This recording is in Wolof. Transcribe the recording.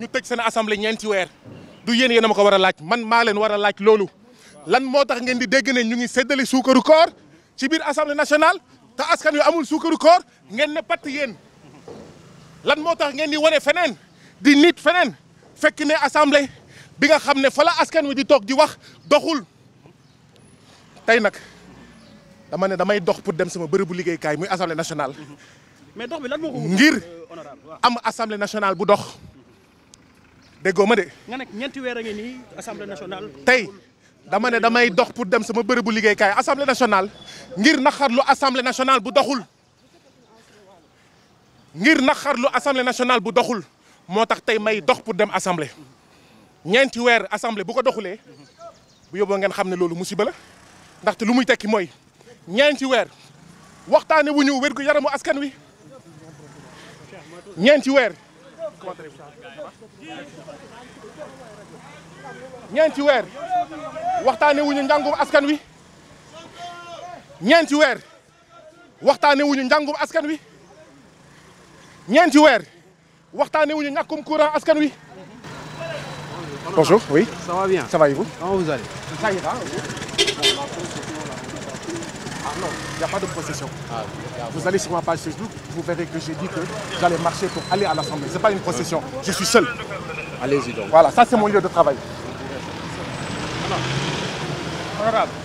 ñu tëj seen assemblée ñeenti weer du yéen yéen a ma ko war a laaj man maa leen war a laaj loolu lan moo tax ngeen di dégg ne ñu ngi séddale suukaru koor ci biir assemblée nationale te askan yu amul suukaru koor ngeen ne patt yéen lan moo tax ngeen di wane feneen di nit feneen fekk ne assemblée bi nga xam ne fa askan wi di toog di wax doxul tey nag dama ne damay dox pour dem sama bërëbu liggéeykaay muy assemblée nationale. Mm-hmm. mais dox bi lan moo ko ngir am assemblée nationale bu dox. Mm-hmm. déggoo ma de. nga nekk ñeenti weer a ngi nii assemblée nationale. tey dama ne damay dox pour dem sama bërëbu liggéeykaay assemblée nationale ngir naxarlu assemblée nationale bu doxul. ngir naxarlu assemblée nationale bu doxul moo tax tey may dox pour dem assemblée ñeenti weer assemblée bu ko doxulee bu yóbboo ngeen xam ne loolu musiba la ndaxte lu muy tekki mooy. ñeenti weer waxtaane wu ñu wér gu yaramu askan wi ñeenti weer ñeenti weer waxtaane wu ñu njàngum askan wi ñeenti weer waxtaane wu ñu njàngum askan wi ñeenti weer waxtaane wu ñu ñàkkum courant askan wi. bonjour oui. ça va bien ça va et vous. comment vous allez. ça ira. Ah non, il n'y a pas de possession. Ah, vous allez sur ma page Facebook, vous verrez que j'ai dit que j'allais marcher pour aller à l'Assemblée. Ce n'est pas une possession, je suis seul. Allez-y donc. Voilà, ça c'est mon lieu de travail. Honorable.